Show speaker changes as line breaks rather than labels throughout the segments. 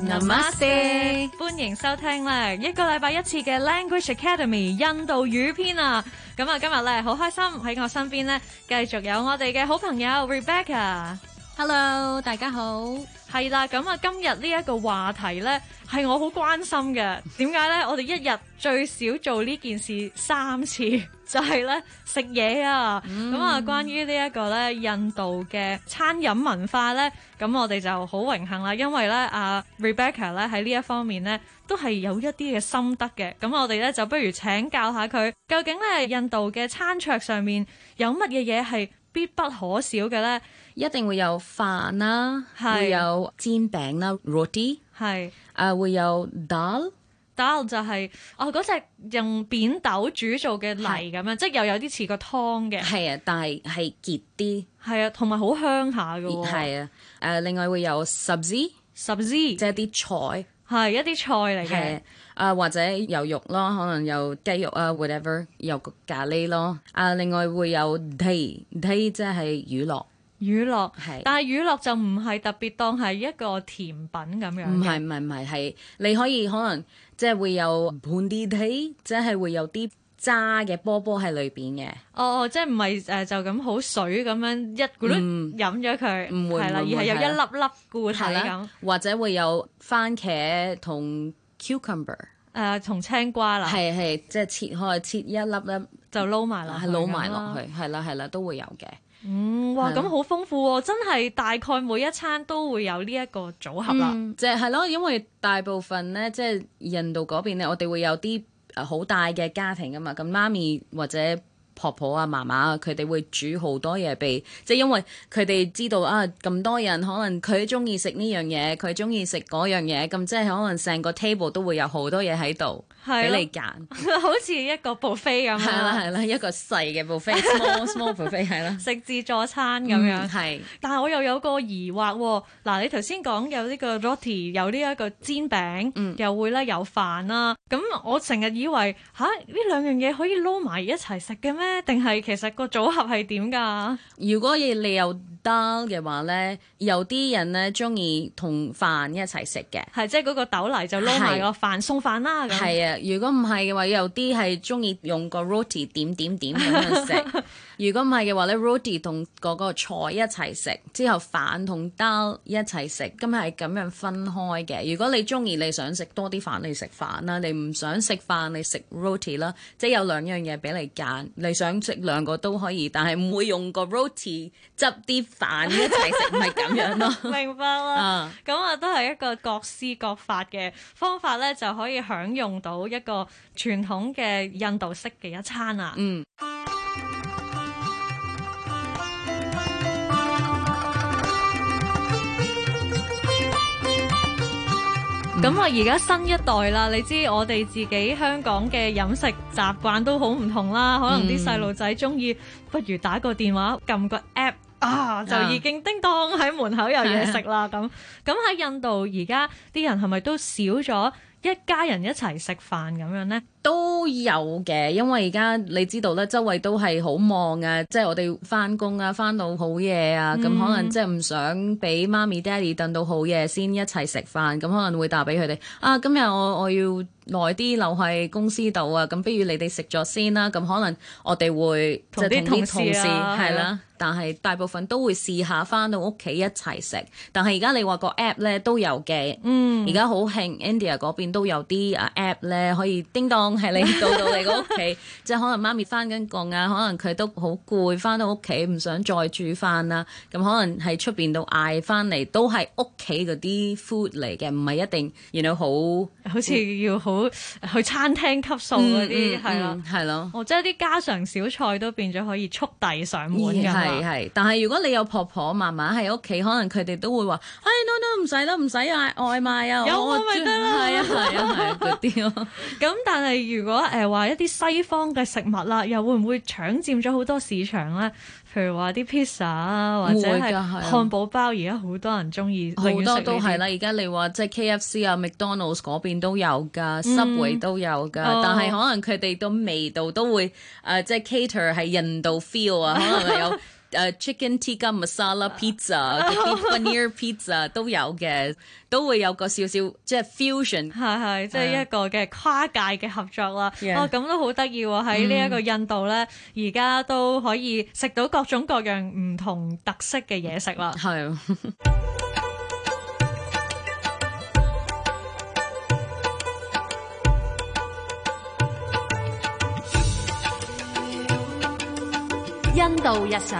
Namaste，
歡迎收聽咧一個禮拜一次嘅 Language Academy 印度語篇啊！咁啊今日咧好開心喺我身邊咧繼續有我哋嘅好朋友 Rebecca，Hello，大家好，係啦！咁啊今日呢一個話題咧係我好關心嘅，點解咧我哋一日最少做呢件事三次？就係咧食嘢啊！咁、嗯、啊，關於呢一個咧印度嘅餐飲文化咧，咁我哋就好榮幸啦，因為咧阿、啊、Rebecca 咧喺呢一方面咧都係有一啲嘅心得嘅。咁我哋咧就不如請教下佢，究竟咧印度嘅餐桌上面有乜嘢嘢係必不可少嘅咧？一定會有飯啦、啊，是會有
煎餅啦、啊、Roti，係是啊，會有 Dal。
豆就係我嗰隻用扁豆煮做嘅泥咁樣，是即係又有啲似個湯嘅。
係啊，但係係結啲。係啊，同埋好香下嘅喎。係啊，誒、呃、另外會有 subsie，subsie 即係啲菜。係一啲菜嚟嘅，誒、啊、或者有肉咯，可能有雞肉啊，whatever，有個咖喱咯。啊，另外會有 te，te 即係乳酪。乳酪係，是但係乳酪就唔係特別當係一個甜品咁樣。唔係唔係唔係，係你可以可能即係會有拌啲睇，即係會有啲渣嘅波波喺裏邊嘅。哦哦，即係
唔係誒，就咁好水咁樣一罐飲咗佢，唔、嗯啊、會，會啊、而係有一粒粒
固體咁、啊。或者會有番茄同 cucumber。誒、呃，同青瓜啦，係係，即係切開，切一粒咧就撈埋啦，係撈埋落去，係啦係啦，都會有嘅。嗯，哇，咁
好豐富喎、哦！的真係大概每一餐都會有呢一個組合啦、嗯。
就係、是、咯，因為大部分咧，即、就、係、是、印度嗰邊咧，我哋會有啲誒好大嘅家庭㗎嘛，咁媽咪或者。婆婆啊，媽媽、媽媽啊，佢哋會煮好多嘢畀。即係因為佢哋知道啊咁多人，可能佢中意食呢樣嘢，佢中意食嗰樣嘢，咁即係可能成個 table 都會有好多嘢喺度。俾、啊、你揀， 好似一個 buffet 咁、啊。係啦係啦，一個細嘅 buffet，small
buffet，係啦、啊。 食自助餐咁樣。係、嗯。但係我又有個疑惑嗱、啊，你頭先講有呢個 roti 有呢一個煎餅，嗯、又會咧有飯啦、啊。咁我成日以為嚇呢兩樣嘢可以撈埋一齊食嘅咩？定係其實個組
合係點㗎？如果嘢你又？Dal 嘅話咧，有啲人咧中意同飯一齊食嘅，係即係嗰個豆泥就撈埋個飯的，送飯啦。係啊，如果唔係嘅話，有啲係中意用個 roti 點點點咁樣食。 如果唔係嘅話咧，roti 同嗰個菜一齊食，之後飯同 Dal 一齊食，咁係咁樣分開嘅。如果你中意，你想食多啲飯，你食飯啦；你唔想食飯，你食 roti 啦。即係有兩樣嘢俾你揀，你想食兩個都可以，但係唔會用個 roti 執啲。蛋一齊食，咪咁樣
咯。明白啦了。咁啊、 嗯，我都係一個各施各法嘅方法咧，就可以享用到一個傳統嘅印度式嘅一餐啊。嗯。咁啊，而家新一代啦，你知我哋自己香港嘅飲食習慣都好唔同啦。可能啲細路仔中意，不如打個電話，撳個 app。啊，就已經叮當喺門口有嘢食啦咁。咁喺 印度而家啲人係咪都少咗一家人一齊食飯咁
樣呢？都有嘅，因為而家你知道咧，周圍都係好忙、就是、啊，即係我哋翻工啊，翻到好夜啊，咁、嗯、可能即係唔想俾媽咪爹哋等到好夜先一齊食飯，咁可能會打俾佢哋啊。今日我我要。耐啲留喺公司度啊！咁不如你哋食咗先啦。咁可能我哋會就同啲同事係啦，但係大部分都會試下翻到屋企一齊食。但係而家你話個 app 咧都有嘅，嗯，而家好興 India 嗰邊都有啲啊 app 咧可以叮當係你到到你個屋企，即係 可能媽咪翻緊工啊，可能佢都好攰，翻到屋企唔想再煮飯啦，咁可能喺出邊度嗌翻嚟都係屋企嗰啲 food 嚟嘅，唔係一定然後好好似要好。好去餐廳級數嗰啲係啊，係咯、啊，哦，即係啲家常小菜都變咗可以速遞上門㗎嘛，係係但係如果你有婆婆媽媽喺屋企，可能佢哋都會話：，唉，no no，唔使啦，唔使嗌外賣啊，有我咪得啦。係啊係啊係啊，嗰啲咯。
咁、啊啊、 但係如果誒話、呃、一啲西方嘅食物啦，又會唔會搶佔咗好多市
場咧？譬如話啲 pizza 啊，或者係漢堡包，而家好多人中意，好多都係啦。而家你話即係 KFC 啊、McDonald's 嗰邊都有㗎、嗯、Subway 都有㗎，哦、但係可能佢哋個味道都會誒、呃，即係 cater 係印度 feel 啊，可能有。 誒 Chicken Tikka Masala Pizza、Paneer Pizza 都有嘅，都會有個少少即係 fusion，係係即係一個嘅跨
界嘅合作啦。哦，咁都好得意喎！喺呢一個印度咧，而家都可以食到各種各樣唔同特色嘅嘢食啦。係。印度日常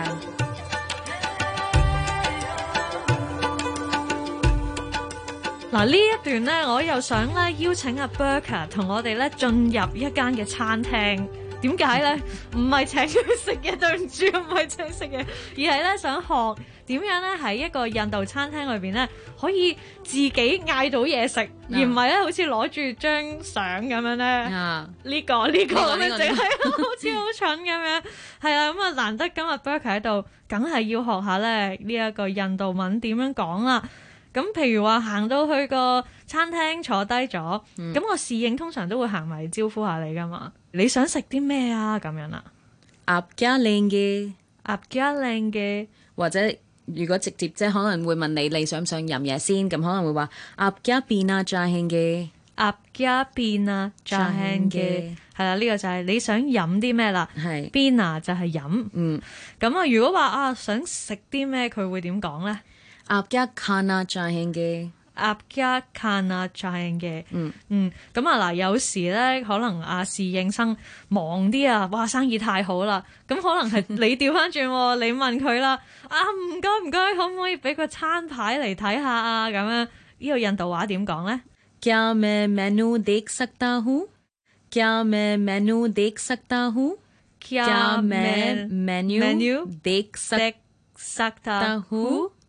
嗱，呢一段咧，我又想咧邀請阿 Burka 同我哋咧進入一間嘅餐廳。點解咧？唔係請佢食嘢，對唔住，唔係請食嘢，而係咧想學點樣咧喺一個印度餐廳裏邊咧可以自己嗌到嘢食，Yeah. 而唔係咧好似攞住張相咁樣咧呢 Yeah.、這個呢、這個咁樣整，係 好似好蠢咁樣係啊。咁 啊，難得今日 Ber 克喺度，梗係要學下咧呢一個印度文點樣講啦。咁譬如話行到去個餐廳坐低咗，咁個侍應通常都會行埋招呼下你噶嘛。你想食啲咩啊？咁樣啦，啊，鴨腳靚嘅，
鴨腳靚嘅，或者如果直接即係可能會問你你想唔想飲嘢先，咁可能會話鴨腳變啊，再興嘅，鴨腳變啊，
再興嘅，係啦，呢個就係你想飲啲咩啦，係變啊就係飲，嗯，咁啊如果話啊想食啲咩佢會點講咧？鴨腳 can 啊再興嘅。阿家看阿莊嘅，嗯嗯，咁、嗯、啊嗱，有時咧可能阿、啊、侍應生忙啲啊，哇生意太好啦，咁可能係你調翻轉， 你問佢啦，啊唔該唔該，可唔可以俾個餐牌嚟睇下啊？咁樣呢、這個印度話
點講咧？क्या मैं मेनू देख सकता हूँ क्या मैं मेनू देख सकता हूँ क्या मैं
मेनू देख सकता हूँ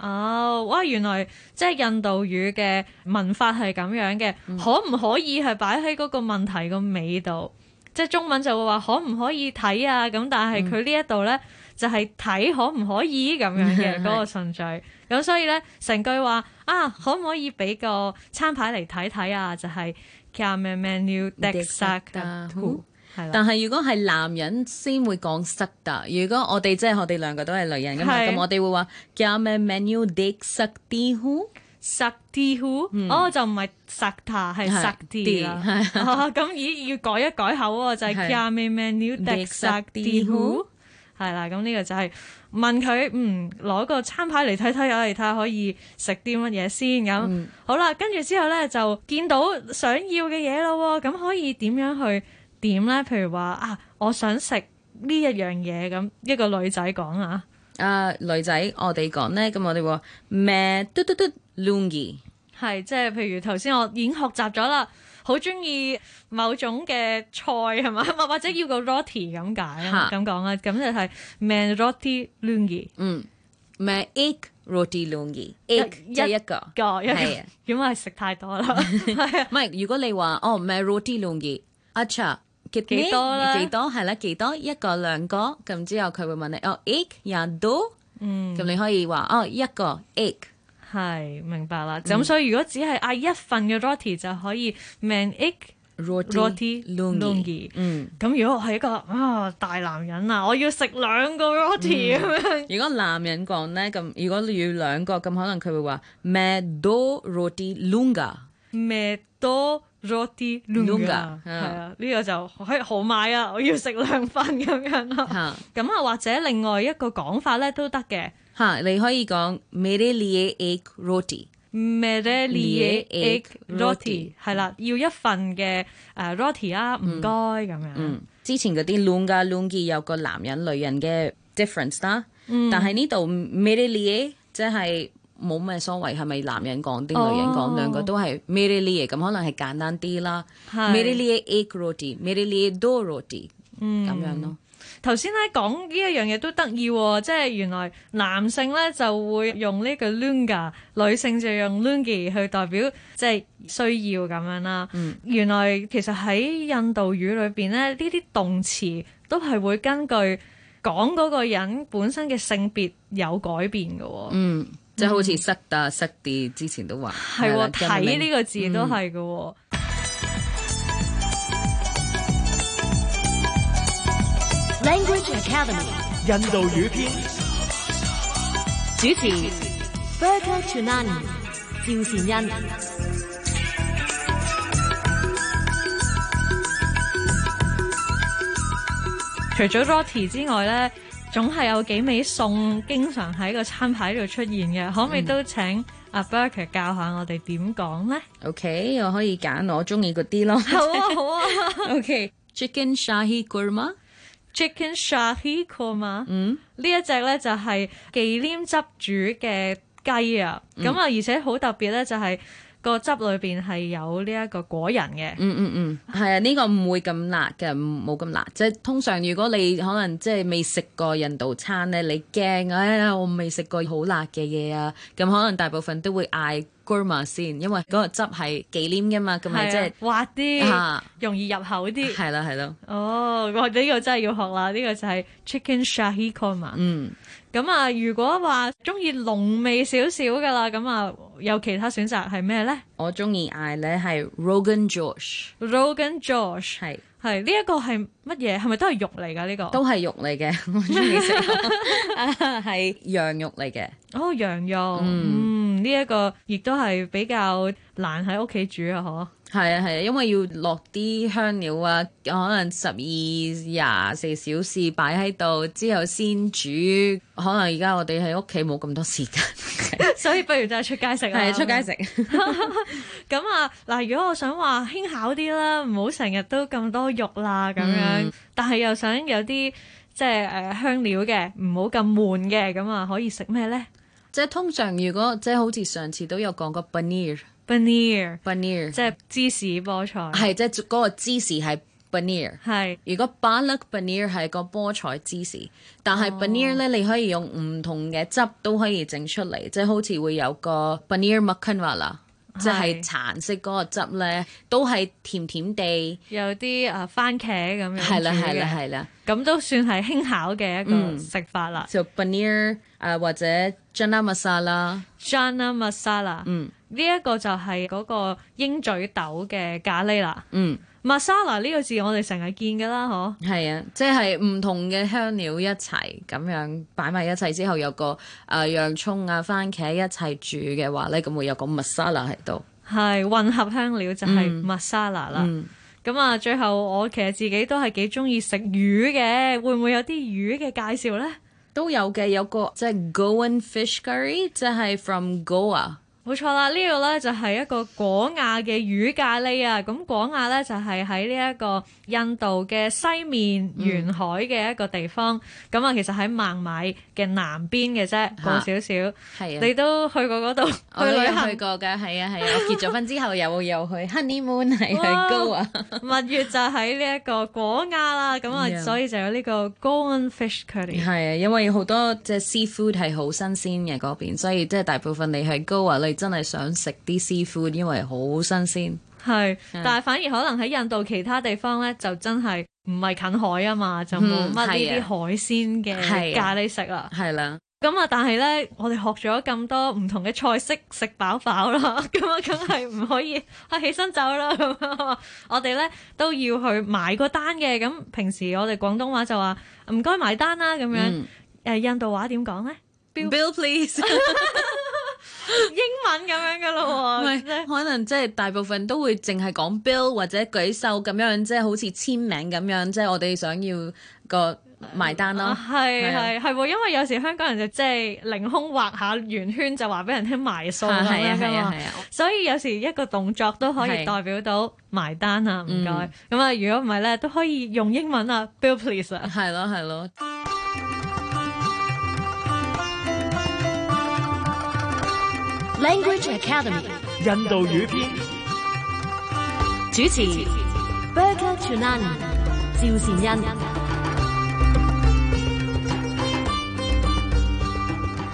哦，哇！原來即係印度語嘅文法係咁樣嘅，嗯、可唔可以係擺喺嗰個問題個尾度？即係中文就會話可唔可以睇啊？咁但係佢呢一度咧就係睇可唔可以咁樣嘅嗰、嗯、個順序。咁 所以咧成句話啊，可唔可以俾個餐牌嚟睇睇啊？就係 Kya menu dekh
但係
如果係男人先會講 sakta，如果我哋即係我哋兩個都係女人嘅，咁我哋會話嘅咩 menu de sakti
ho，sakti ho，哦就唔係 sakta 係 sakti 啦，咁而要改一改口喎，就係嘅咩 menu de sakti ho，係啦，咁呢、嗯、個就係問佢，嗯攞個餐牌嚟睇睇啊，嚟睇下可以食啲乜嘢先咁，嗯、好啦，跟住之後咧就見到想要嘅嘢咯，咁可以點樣去？點咧？譬如話啊，我想食呢一樣嘢咁。一個女仔講啊，
誒、呃、女仔，我哋講咧，咁我哋話咩？嘟嘟嘟，lunchie，
係即係譬如頭先我已經學習咗啦，好中意某種嘅菜係嘛，或 或者要個 roti 咁解啦，咁講啦，咁就係 man roti lunchie？嗯，咩 egg
roti lunchie egg 即一個一個，一個對因為食太多啦。 Mike，akes 如果你話哦，咩 roti lunchie？阿差。幾多啦？幾多係啦？幾多一個、兩個咁之後，佢會問你哦，eight 廿多，e、eg, 嗯，咁你可以話哦，一個 eight，係明白啦。咁所
以如果只係嗌一份嘅 roti 就可以 man
eight roti lunga 嗯。
咁如果我係一個啊大男人啊，
我要食兩個 roti 咁樣。如果男人講咧，咁、嗯、如果你要兩個，咁可能佢會話 mad two roti
lunga，mad two Roti，lunga，係啊，呢個就可以好買啊，我要食兩份咁樣咯。咁啊，或者另外一個講法咧都得嘅。
嚇，你可以講，mere liye ek roti，mere liye ek roti，係啦，要一份嘅誒 roti 啊，唔該咁樣。嗯，之前嗰啲 lunga lungi 有個男人女人嘅 difference 啦，但係呢度 mere liye 即係。冇咩所謂，係咪男人講啲，女人講？Oh. 兩個都係 merely 咁，可能係簡單啲啦。
是 merely
ek roti，merely do roti，
咁、嗯、樣
咯。頭先咧
講呢一樣嘢都得意喎、哦，即係原來男性咧就會用呢個 lunga，女性就用 lungi 去代表即係需要咁樣啦。嗯、原來其實喺印度語裏邊咧，呢啲動詞都係會根據講嗰個人本身嘅性別有改變嘅、哦。嗯。
嗯、即係好似失得失啲，之前都話係喎，睇呢、啊、個字都係
嘅喎。
Language Academy，印度語片，主持 Furka
g Tunan 趙善恩。除咗 r o 羅提之外咧。總係有幾味餸，經常喺個餐牌度出現嘅，嗯、可唔可以都請阿 Burke 教下我哋點講咧
？OK，我可以揀我中意嗰啲咯。 好啊，好
啊。OK，Chicken Shahi Korma。Chicken Shahi Korma。嗯，呢一隻咧就係忌廉汁煮嘅雞啊。咁啊、嗯，而且好特別咧，就係、是。個汁裏邊係有呢一個果仁嘅。嗯嗯
嗯，係啊，呢、這個唔會咁辣嘅，唔冇咁辣。即係通常如果你可能即係未食過印度餐咧，你驚，哎、啊，我未食過好辣嘅嘢啊。咁可能大部分都會嗌 gurma 先，因為嗰個汁係忌廉嘅嘛，咁咪即係滑啲，啊、容易入口啲。係啦係啦。啊啊
啊啊、哦，我呢個真係要學啦，呢、這個就係 chicken shahi korma。嗯。咁啊，如果話中意濃味少少噶啦，咁啊有其他選擇係咩咧？我中意嗌咧係 Rogan Josh，Rogan Josh 係係呢一個係乜嘢？係咪都係肉嚟噶呢個？都
係肉嚟嘅，我中意食係羊肉嚟嘅。
哦，羊肉，嗯，
呢一個亦都係比較難喺屋企煮啊，嗬。係啊係啊，因為要落啲香料啊，可能十二廿四小時擺喺度之後先煮。可能而家我哋喺屋企冇咁多時間， 所以不如就係出街食。係的出街去食。
咁 啊嗱，如果我想話輕巧啲啦，唔好成日都咁多肉啦咁樣，嗯、但係又想有啲即係誒香料嘅，唔好咁悶嘅，咁啊可以食咩咧？即係通常如果即
係好似上次都有講過 paneer, Paneer Paneer 即係芝士菠菜。係，即係嗰個芝士係 Paneer 係。如果 Balak Paneer 係個菠菜芝士，但係 Paneer 咧，你可以用唔同嘅汁都可以整出嚟，即係好似會有個 Paneer Makhanwala 即係橙色嗰個汁咧，都係甜甜地，有啲誒番茄咁樣。係啦，係啦，係啦。咁都算係輕巧嘅一個食法啦。就 Paneer 誒或者 Chana Masala。
Chana Masala。嗯。呢一個就係嗰個鷹嘴豆嘅咖喱啦。嗯
，masala 呢個字我哋成日見㗎啦，嗬。係啊，即係唔同嘅香料一齊咁樣擺埋一齊之後，有個誒、呃、洋葱啊、番茄一齊煮嘅話咧，咁會有個 masala 喺度。
係混合香料就係 masala 啦。咁、嗯嗯、啊，最後我其實自己都係幾中意食魚嘅，會唔會有啲魚嘅介紹咧？都有嘅，有個即係、就是、Goan fish curry，即係 from Goa。冇錯啦，呢個咧就係一個果亞嘅魚咖喱啊！咁果亞咧就係喺呢一個印度嘅西面沿海嘅一個地方，咁啊其實喺孟買嘅南邊嘅啫，過少少。係啊，你都去過嗰度去旅行過嘅。係啊係啊，我結咗婚之後又又去 honeymoon，係去 Goa 蜜月就喺呢一個果亞啦，
咁啊所以就有呢個 Goan fish curry。係啊，因為好多即係 seafood 係好新鮮嘅嗰邊，所以即係大部分你去 Goa 類。真係想食啲 seafood，因為好新鮮。
係是，是但係反而可能喺印度其他地方呢，就真係唔係近海啊嘛，嗯、就冇乜呢啲海鮮嘅咖喱食啦。係啦，咁啊，啊嗯、但係呢，我哋學咗咁多唔同嘅菜式，食飽飽啦，咁、嗯、啊，梗係唔可以 啊，起身走啦。 我哋呢都要去埋個單嘅。咁平時我哋廣東話就話唔該埋單啦。咁樣，誒、嗯，印度話點講呢？Bill, Bill, please。 英文咁樣噶咯喎，
係，可能即係大部分都會淨係講 bill 或者舉手咁樣，即係好似簽名咁樣，即係我哋想要個埋單咯。係
係係，因為有時香港人就即係凌空畫下圓圈就話俾人聽埋數，係啊係啊係啊，嗯、所以有時一個動作都可以代表到埋單啊，唔該。咁啊、嗯，如果唔係咧，都可以用英文啊，bill please 啊，係咯係咯。的的
Language Academy，印度語片主持 ，Berkeley Chunnan， 趙善恩。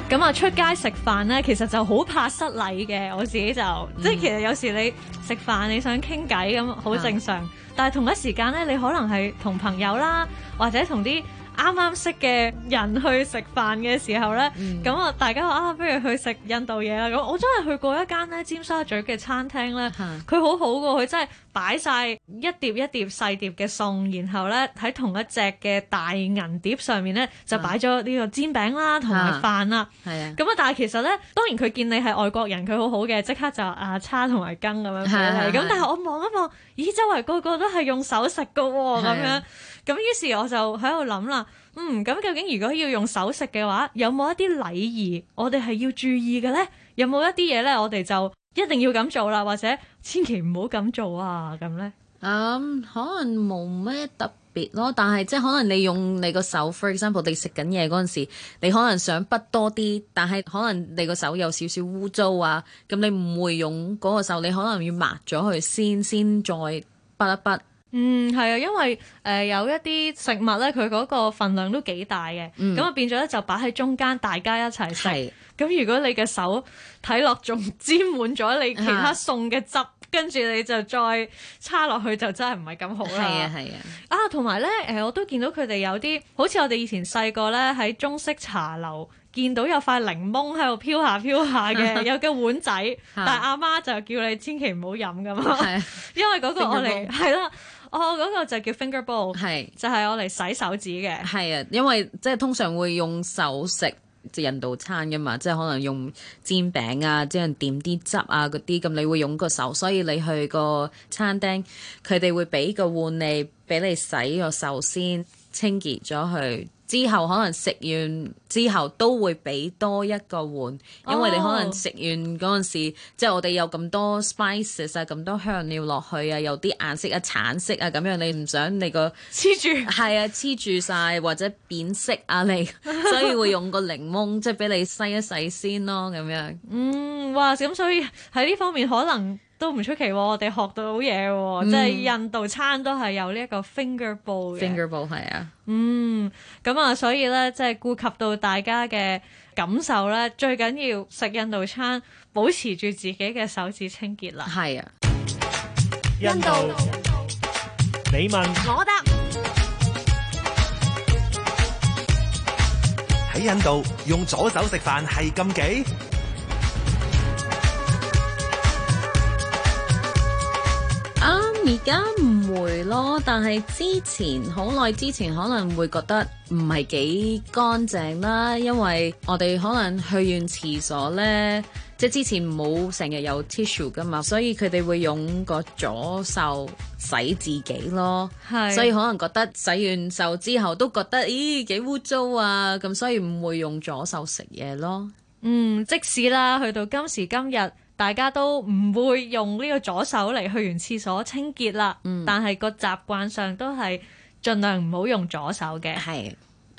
咁啊，出街食飯咧，其實就好怕失禮嘅。我自己就，嗯、即係其實有時你食飯你想傾偈咁，好正常。是但係同一時間咧，你可能係同朋友啦，或者同啲啱啱識嘅人去食飯嘅時候呢，咁啊、嗯、大家話啊，不如去食印度嘢啦。咁我真係去過一間咧尖沙咀嘅餐廳呢，佢好好嘅，佢真係擺晒一碟一碟細碟嘅餸，然後呢，喺同一隻嘅大銀碟上面呢，就擺咗呢個煎餅啦同埋飯啦。咁啊但係其實呢，當然佢見你係外國人，佢好好嘅，即刻就啊叉同埋羹咁樣。咁但係我望一望，咦，周圍個個都係用手食㗎喎，咁樣。咁於是我就喺度諗啦，嗯，咁究竟如果要用手食嘅話，有冇一啲禮儀我哋係要注意嘅呢？有冇一啲嘢呢？我哋就一定要咁做啦，或者
千祈唔好咁做啊？咁呢，um, 可能冇咩特別咯，但係即係可能你用你個手，for example，你食緊嘢嗰陣時，你可能想筆多啲，但係可能你個手有少少污糟啊，咁你唔會用嗰個手，你可能要抹咗佢先，先再筆一筆。嗯，係啊，因為誒有一啲食物咧，佢嗰個份量都幾
大嘅，咁啊變咗咧就擺喺中間，大家一齊食。咁如果你嘅手睇落仲沾滿咗你其他餸嘅汁，跟住你就再叉落去，就真係唔係咁好啦。係啊係啊，啊同埋咧，誒我都見到佢哋有啲好似我哋以前細個咧喺中式茶樓見到有塊檸檬喺度飄下飄下嘅，有個碗仔，但係阿媽就叫你千祈唔好飲咁嘛，因為嗰個我哋係
啦。哦，嗰、oh, 個就
叫 finger bowl，
係是就係我嚟洗手指嘅。係啊，因為即係通常會用手食、就是、印度餐嘅嘛，即係可能用煎餅啊，即係點啲汁啊嗰啲，咁你會用個手，所以你去個餐廳，佢哋會俾個碗你，俾你洗個手先，清潔咗佢。之後可能食完之後都會俾多一個碗，因為你可能食完嗰陣時，oh. 即係我哋有咁多 spices 晒、啊、咁多香料落去啊，有啲顏色啊、橙色啊咁樣，你唔想你個黐住，係啊黐住晒，或者變色啊你，所以會用個檸檬 即係俾你洗一洗先咯，咁樣。嗯，
哇咁所以喺呢方面可能。都唔出奇
喎、哦，我哋學到嘢喎、哦，嗯、即係
印度餐都係有呢一個 ball finger bowl。finger bowl 係啊，嗯，咁啊，所以咧，即係顧及到大家嘅感受咧，最緊要食印度餐，保持住自己嘅手指清潔啦。係啊，印度，
印度
你問，我答得。喺印度用左手食飯係禁忌。
而家唔會咯，但係之前好耐之前可能會覺得唔係幾乾淨啦，因為我哋可能去完廁所呢，即係之前冇成日有 tissue 噶嘛，所以佢哋會用個左手洗自己咯，是所以可能覺得洗完手之後都覺得咦幾污糟啊，咁所以唔會用左手食嘢咯。嗯，即使啦，去到今
時今日，大家都唔會用呢個左手嚟去完廁所清潔啦，嗯、但係個習慣上都係盡量唔好用左手嘅。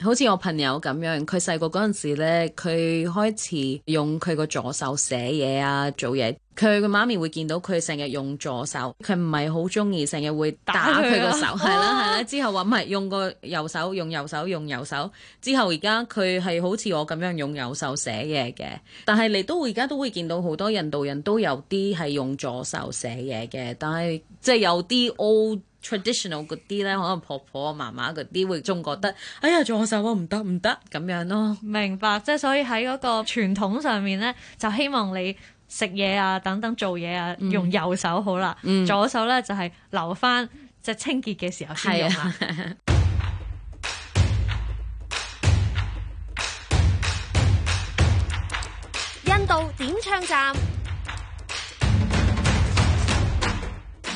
好似我朋友咁樣，佢細個嗰陣時呢，佢開始用佢個左手寫嘢啊，做嘢。佢個媽咪會見到佢成日用左手，佢唔係好中意，成日會打佢個手，係啦，啊，係哇啦，啦。之後話唔係用個右手，用右手，用右手。之後而家佢係好似我咁樣用右手寫嘢嘅。但係你都會而家都會見到好多印度人都有啲係用左手寫嘢嘅，但係即係有啲 O。traditional 嗰啲咧，可能婆婆啊、媽媽嗰啲，會中覺得，哎呀，左手啊唔
得唔得咁樣咯。明白，即係所以喺嗰個傳統上面咧， 就希望你食嘢啊、等等做嘢啊，嗯、用右手好啦，嗯、左手咧就係、是、留翻只清潔嘅時候先用下、啊。 印度點唱站。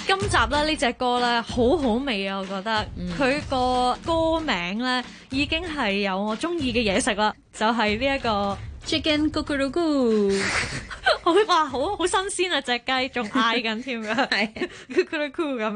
今集咧呢隻歌咧好好味啊，我覺得佢個、嗯、歌名咧已經係有我中意嘅嘢食啦，就係呢一個 Chicken Goo Goo Goo，哇好好新鮮啊，隻雞仲嗌緊添啊，Goo Goo Goo 咁樣。咁、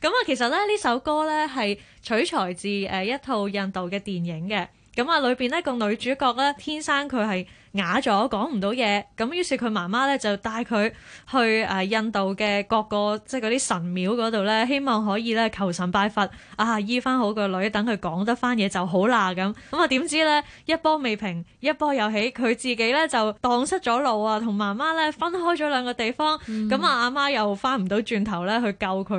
嗯、啊其實咧呢首歌咧係取材自誒一套印度嘅電影嘅，咁、嗯、啊裏邊咧個女主角咧天生佢係。啞咗講唔到嘢，咁於是佢媽媽咧就帶佢去誒印度嘅各個即係嗰啲神廟嗰度咧，希望可以咧求神拜佛啊醫翻好個女，等佢講得翻嘢就好啦咁。咁啊點知咧一波未平一波又起，佢自己咧就蕩失咗路啊，同媽媽咧分開咗兩個地方，咁啊阿媽又翻唔到轉頭咧去救佢。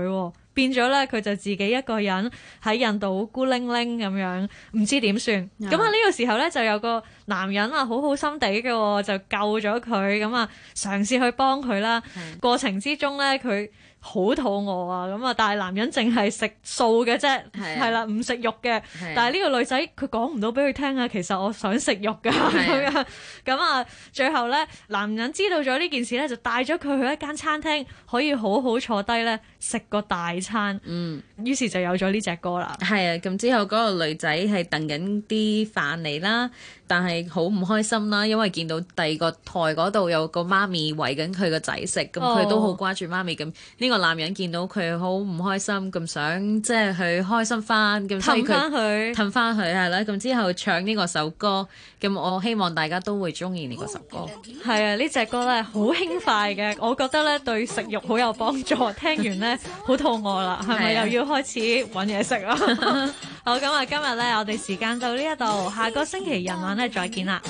變咗咧，佢就自己一個人喺印度孤零零咁樣，唔知點算。咁啊呢個時候咧，就有個男人啊，好好心地嘅，就救咗佢。咁啊，嘗試去幫佢啦。Yeah. 過程之中咧，佢。好肚餓啊咁啊！但係男人淨係食素嘅啫，係啦、啊，唔食、 啊、肉嘅。啊、但係呢個女仔佢講唔到俾佢聽啊，其實我想食肉㗎咁啊、 嗯，最後呢，男人知道咗呢件事呢，就帶咗佢去一間餐廳，可以好好坐低呢，食個大餐。
嗯，於是就有咗呢隻歌啦。係啊，咁之後嗰個女仔係等緊啲飯嚟啦，但係好唔開心啦，因為見到第二個枱嗰度有個媽咪餵緊佢個仔食，咁佢都好掛住媽咪咁呢、oh. 這個。男人見到佢好唔開心，咁想即係佢開心翻，咁氹翻佢氹翻佢係啦。咁之後唱呢個首歌，咁我希望大家都會中意呢個首歌。
係啊，呢隻歌咧好輕快嘅，我覺得咧對食慾好有幫助。聽完咧好肚餓啦，係咪、啊、又要開始揾嘢食啊？ 好咁啊，今日咧我哋時間到呢一度，下個星期日晚咧再見啦。